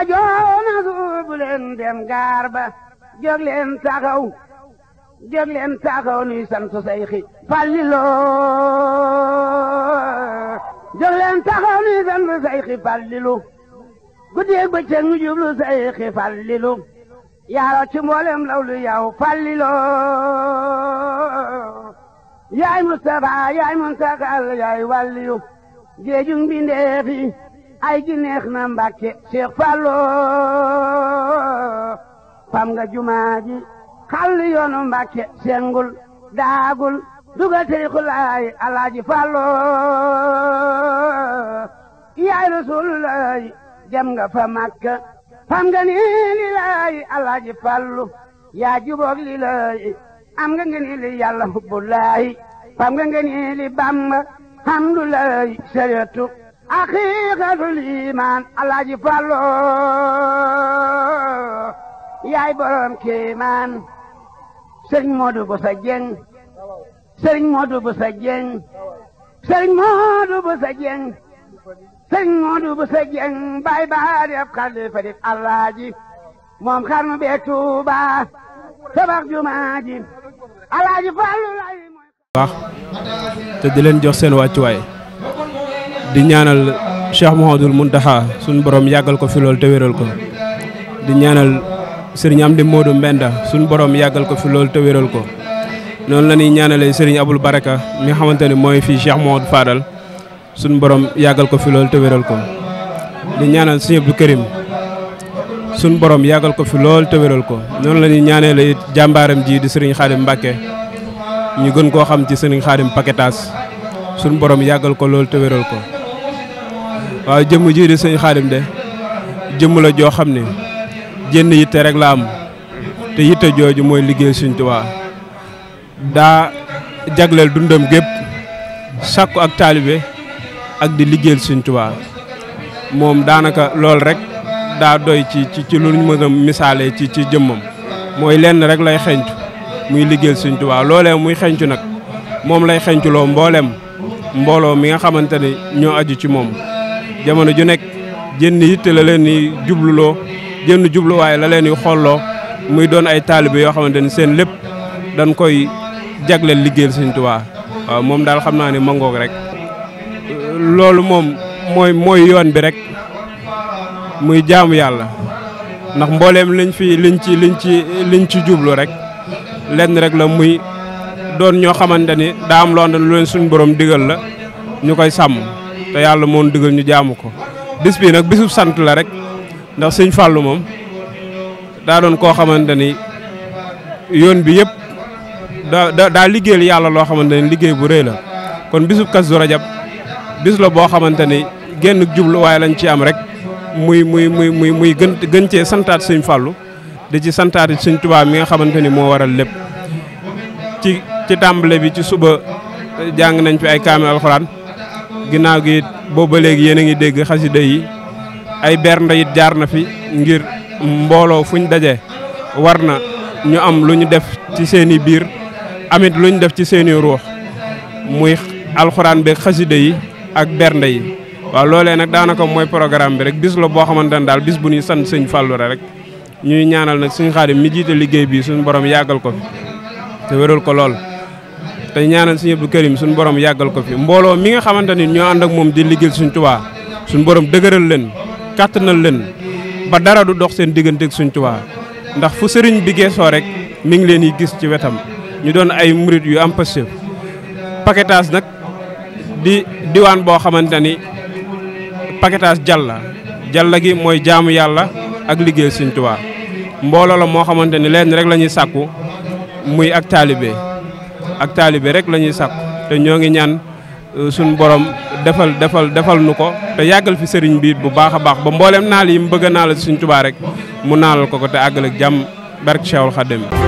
ba joona dem gaar ba jóg leen taxaw jóg leen taxaw nuy sant Seyxi Falilu jóg leen taxaw nuy sant Seyxi Falilu guddeeg bëccëg ñu jublu Seyxi Falilu yaaro ci mboolem law lu yow Falilu yaay Mustafa yaay Muntakal yaay wàlliyu géejum bindeefi ay gi neex na Mbàkke Cheikh Fallo fam nga jumaa ji xàll yoonu Mbàkke sengul daagul dugal tariixu alaaji Fallo yaay rasulullaay jam nga fa Makka fam nga ni laay alaaji Fallu yaa juboog li laay am nga ngeen li yàlla hubbu fam nga ngeen li Bàmba hamdulaayi sariyatu haqiqatul iman alaaji Fallu yaay borom kéemaan sëriñ Modou Boussa Dieng sëriñ Modou Boussa Dieng sëriñ Modou Boussa Dieng sëriñ Modou Boussa Dieng bay baa di ab xalifa di alaaji moom xarnu bee Tuuba tabax jumaa ji Fallu lay baax te di leen jox seen wàccuwaay di ñaanal Cheikh Mouhamadoul Mountakha suñu borom yàggal ko fi loolu te wéral ko di ñaanal sëriñ Amdi Modou Mbenda suñu borom yàggal ko fi loolu te ko noonu la ñuy ñaanalee sëriñ Abul Baraka mi nga xamante ne mooy fii moo Mouhamadou Fadal suñu borom yàggal ko fi loolu te wéral ko di ñaanal sëriñ Abdou Karim suñu borom yàggal ko fi lool te ko noonu la ñuy ñaanalee jàmbaaram jii di sëriñ Xaadim Mbàkke ñu gën koo xam ci sëriñ Xaadim Paquetas suñu borom yàggal ko lool te ko waaw jëmm ji di sëñ xaadim de jëmm joo xam ne jenn yitte rek la am te yitte jooju mooy liggéey suñ Tuubaa daa jagleel dundam gépp sàkku ak taalibe ak di liggéey suñ Tuubaa moom daanaka loolu rek daa doy ci ci ci lu ñu mën ci ci jëmmam mooy lenn rek lay xencu muy liggéey suñ Tuubaa loolee muy xencu nag moom lay xenculoo mboolem mbooloo mi nga xamante ne ñoo aju ci moom jamono ju nekk jënn yitte la leen yi jubluloo jënn jubluwaay la leen yi xolloo muy doon ay taalibe yoo xamante ni seen lépp dañ koy jagleel liggéeyal Sëñ Tuubaa waaw moom daal xam naa ni mangoog rek loolu moom mooy mooy yoon bi rek muy jaamu yàlla ndax mbooleem liñ fi liñ ci liñ ci liñ ci jublu rek lenn rek la muy doon ñoo xamante ni daa am loo xam leen suñu borom digal la ñu koy sàmm te yàlla moo ñu ñu jaamu ko bis bii nag bisu sant la rek ndax sëñ Fallou moom daa doon koo xamante ni yoon bi yëpp daa daa liggéeyal yàlla loo xamante ni liggéey bu rëy la kon bisub Kazu Rajab bis la boo xamante ni genn jubluwaay lañ ci am rek muy muy muy muy muy gën gën cee santaat sëñ Fallou di ci santaat suñ Tuubaa mi nga xamante ni moo waral lépp ci ci tàmbale bi ci suba jàng nañ fi ay kaame alxuraan ginnaaw gi it boobu ba léegi yéen a ngi dégg xasida yi ay bernde it jaar na fi ngir mbooloo fuñ daje war na ñu am lu ñu def ci seeni biir amit lu ñu def ci seeni i ruux muy alxuraan beeg xasida yi ak bernde yi waaw loolee nag daanaka mooy programme bi rek bis la boo xamante ne daal bis bu ñuy sant sëñ Fallou rek ñuy ñaanal nag suñu Xaadim mi jiite liggéey bii suñu borom yàggal ko fi te wéral ko lool. te ñaanal sëñ Abdou Karim suñu borom yàggal ko fi mbooloo mi nga xamante ni ñoo ànd ak moom di liggéeyal suñ Tuubaa suñu borom dëgëral leen kàttanal leen ba dara du dox seen diggante ak suñ Tuubaa ndax fu sëriñ bi geesoo rek mi ngi leen di gis ci wetam ñu doon ay murit yu am pasif paquetage nag di diwaan boo xamante ni paquetage jàlla jàlla gi mooy jaamu yàlla ak liggéey suñ Tuubaa moo xamante ni leen rek la ñuy sàkku muy ak taalibe ak taalibe rek la ñuy sàkku te ñoo ngi ñaan euh, suñu borom defal defal defal nu ko te yàggal fi sëriñ bi bu baax a baax ba mbooleem naal yi mu bëgg a naal suñ Tuubaa rek mu naalal ko ko te àggal ak jàmm barke Cheikhul Khadim